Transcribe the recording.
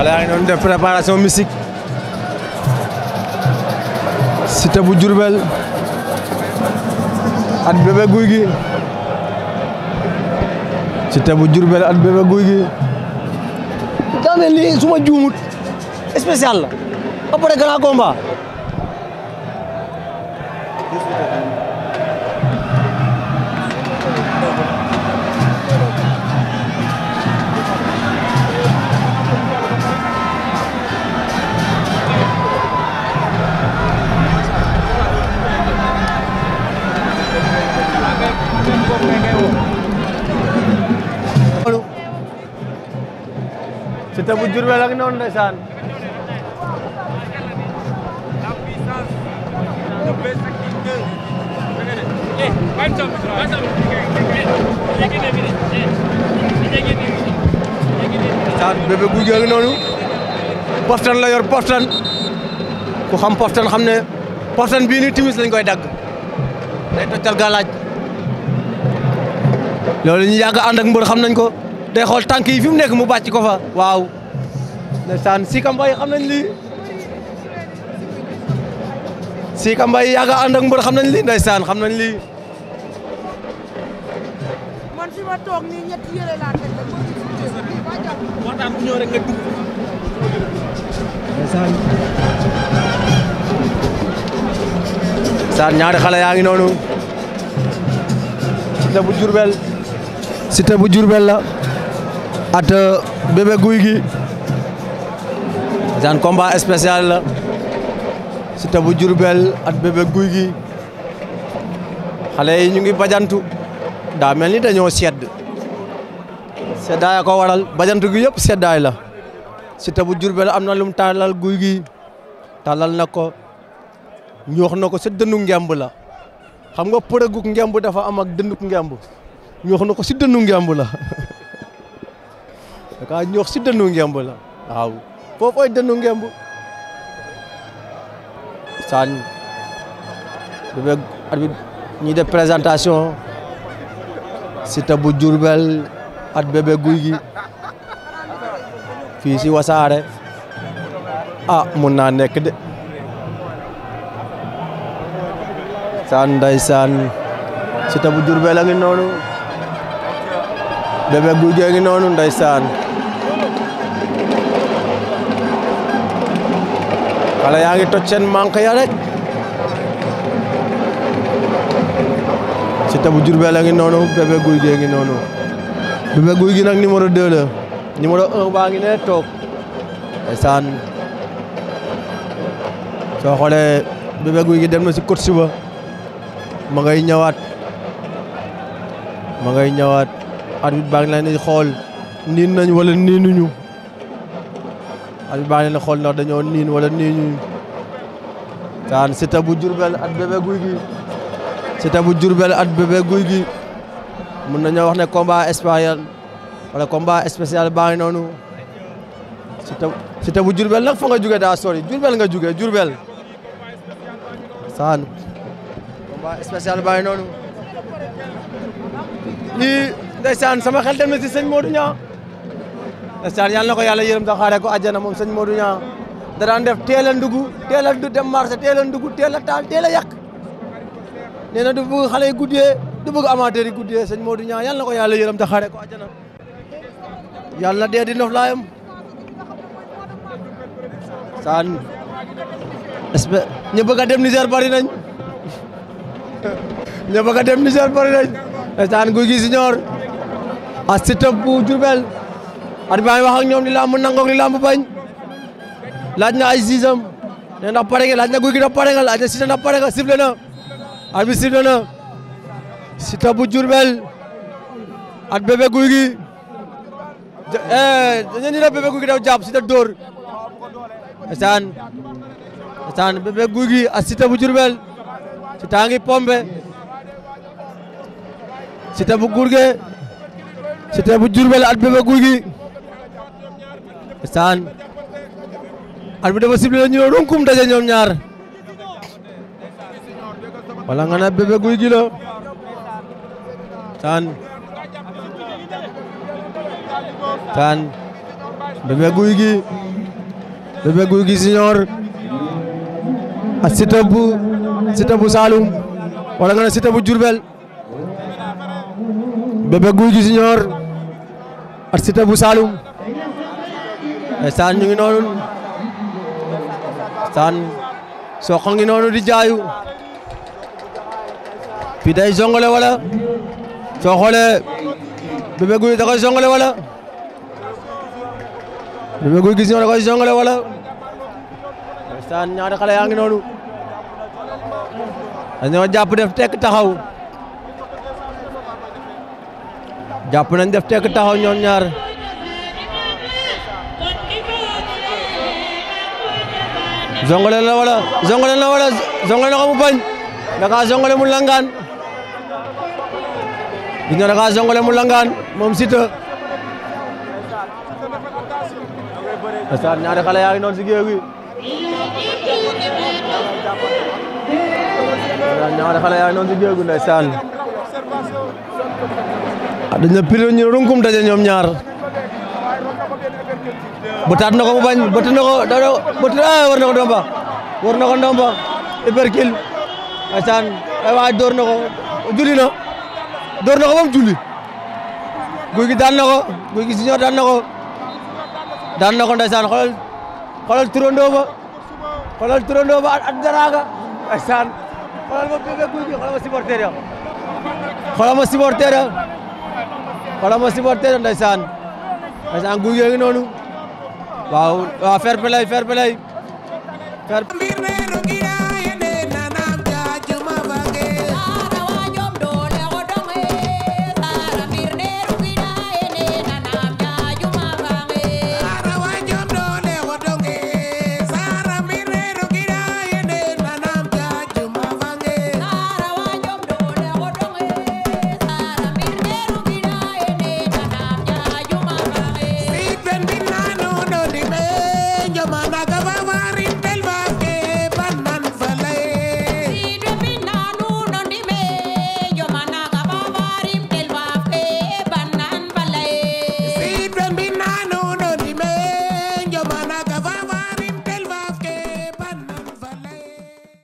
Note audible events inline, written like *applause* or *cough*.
xale yaa ngi doon def préparation mystique Siteu bu Diourbel at Bébé Gouy Gui Siteu bu Diourbel at Bébé ni suma juumut spécial la après grand Siteu bu Jurbel ak noonu ndeysaan saan bébé guy gi ak noonu postan la yor postan ku xam postan xam ne postan bii timis lañ koy dagg day toccal galaaj loolu ñu yàgg ànd ak xam nañ ko day xool yi fi mu nekk mu bàcc ko fa waaw ndeysaan Sika Mbaye xam nañ lii Sika Mbaye yàgg ànd ak xam nañ lii ndeysaan xam nañ lii. man ñaari xale yaa ngi noonu. Siteu bu Diourbel Siteu bu Diourbel la at euh, bébé guy gi. daan combat spécial la Siteu bu Jurbel Bébé Guy Gi xale yi ñu ngi bajantu daa mel ni dañoo sedd seddaay ko waral bajantu gi yëpp seddaay la Siteu bu Jurbel am na lum tàllal Guy Gi tàllal na ko ñoox na ko sa dëndu ngemb la xam nga përëguk ngemb dafa am ak dënduk ngemb ñoox na ko si dëndu ngemb la *laughs* da kaa ñoox si dëndu ngemb la waaw foofooy dënnu ngemb saan bu be arbitre ñi def présentation Siteu bu Diourbel at Bébé Gouy Gui fii si Wassare ah mun naa nekk de saan ndeysaan Siteu bu Diourbel a ngi noonu Bébé Gouy Gui a ngi noonu ndeysaan xale yaa ngi toj seen manque ya rek Siteu bu Jurbel ngi noonu Bébé Gouy Gui ngi noonu Bébé Gouy Gui nag numéro 2 la numéro 1 baa ngi ne toog ndeysaan soo xoolee Bébé Gouy dem na si kot si ba ma ngay ñëwaat ma ngay ñëwaat at baa ngi leen di xool niin nañ wala niinuñu at baa ngi leen xool ndax dañoo niin wala nii ñu taan bu Jurbel at Bébé Gouy Gui Siteu bu Jurbel at Bébé Gouy Gui mun nañoo wax ne combat spécial wala combat spécial baa ngi noonu Siteu bu Jurbel nag fa nga jóge daa sori Jurbel nga jóge Jurbel saan combat spécial sama xel dem na si sëñ Modou Niang ndeysaan yàlla na ko yàlla yërëm ta xaaree ko àjjana moom sëñ Modou Niang da daan def teel a ndugg teel a dem marché teel a ndugg teel taal teel a yàq nee na du bëgg xale yi guddee du bëgg amateur yi guddee sëñ Modou Niang yàlla na ko yàlla yërëm ta xaaree ko àjjana yàlla dee di nof saan espèce ñu bëgg a dem bari nañ ñu bëgg a dem Niger bari nañ saan guy gi siñoor a sitëb bu Jurbel at baa ngi wax ak ñoom li lamb nangoog li lamb bañ laaj na ay sisam ne ndax pare laaj na guy gi ndax pare nga laaj na Siteu na at bi sifflé na Siteu bu Diourbel guy gi eh, dañu ne bébé guy gi daw jàpp Siteu dóor esaan guy gi ak Siteu bu Diourbel ci tangi pombe Siteu bu Gourgué Siteu bu Diourbel at bébé guy gi saan arbitre dafa sible ñu ne runkum daje ñoom ñaar wala nga na bébé guy gi la saan saan bébé guy gi bébé guy gi siñoor a sita bu sita bu Saalum wala nga na sita bu Jurbel bébé guy gi siñoor a sita bu Saalum Eh, saan ñu ngi noonu saan soq noonu di jaayu fii day zongale wala soo xoolee Bébé Gouy da koy zongale wala Bébé Gouy gis nga da koy zongale wala eh, saan ñaari xale yaa ngi noonu dañoo jàpp def tekk taxaw jàpp nañ def tekk taxaw ñoom ñaar. zongale na wala zongale na wala zongale na ko mu bañ da kaa zongale mu langaan gis nga da kaa zongale mu langaan moom Siteu asaan ñaari xale yaa ngi noonu si géew gi ñaari xale yaa ngi noonu si géew gi ndeysaan dañ na pire ñu runkum daje ñoom ñaar bëtaat na ko mu bañ bët na ko bët ah war na ko ndomba war door na ko na door na ko mu julli guy daan na ko guy daan na daan na ko ndeysaan xoolal xoolal turandoo ba xoolal turandoo ba daraaga ndeysaan xoolal ma ma supporter ya xoolal ma supporter ya ma supporter ya ndeysaan ndeysaan guy gi ngi noonu waaw waaw fair play fair play